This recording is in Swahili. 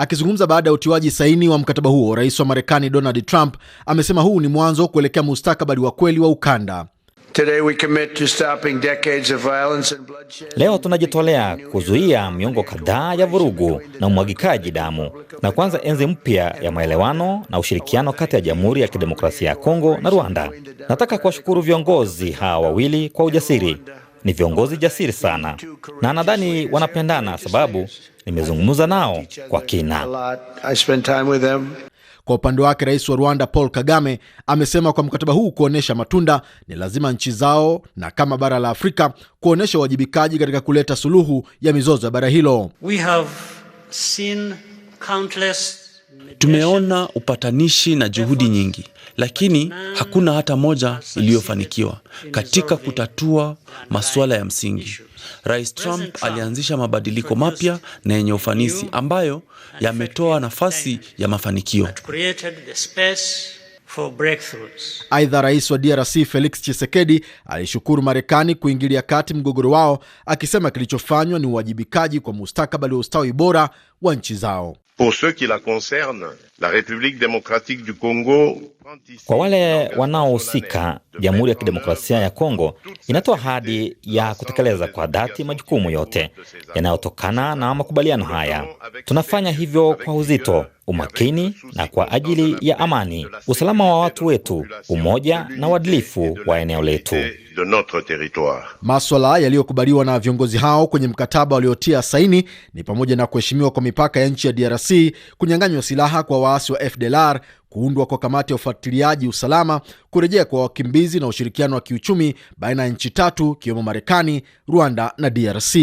Akizungumza baada ya utiwaji saini wa mkataba huo, rais wa Marekani Donald Trump amesema huu ni mwanzo kuelekea mustakabali wa kweli wa ukanda. Leo tunajitolea kuzuia miongo kadhaa ya vurugu na umwagikaji damu na kuanza enzi mpya ya maelewano na ushirikiano kati ya Jamhuri ya Kidemokrasia ya Kongo na Rwanda. Nataka kuwashukuru viongozi hawa wawili kwa ujasiri ni viongozi jasiri sana, na nadhani wanapendana, sababu nimezungumza nao kwa kina. Kwa upande wake, rais wa Rwanda Paul Kagame amesema kwa mkataba huu kuonyesha matunda ni lazima nchi zao na kama bara la Afrika kuonyesha uwajibikaji katika kuleta suluhu ya mizozo ya bara hilo. We have seen countless Tumeona upatanishi na juhudi nyingi, lakini hakuna hata moja iliyofanikiwa katika kutatua masuala ya msingi. Rais Trump alianzisha mabadiliko mapya na yenye ufanisi ambayo yametoa nafasi ya mafanikio. Aidha, rais wa DRC Felix Tshisekedi alishukuru Marekani kuingilia kati mgogoro wao, akisema kilichofanywa ni uwajibikaji kwa mustakabali wa ustawi bora wa nchi zao. Pour ceux qui la concernent, la République démocratique du Congo, kwa wale wanaohusika, Jamhuri ya Kidemokrasia ya Kongo inatoa ahadi ya kutekeleza kwa dhati majukumu yote yanayotokana na makubaliano haya. Tunafanya hivyo kwa uzito umakini na kwa ajili ya amani, usalama wa watu wetu, umoja na uadilifu wa eneo letu. Maswala yaliyokubaliwa na viongozi hao kwenye mkataba waliotia saini ni pamoja na kuheshimiwa kwa mipaka ya nchi ya DRC, kunyang'anywa silaha kwa waasi wa FDLR, kuundwa kwa kamati ya ufuatiliaji usalama, kurejea kwa wakimbizi na ushirikiano wa kiuchumi baina ya nchi tatu ikiwemo Marekani, Rwanda na DRC.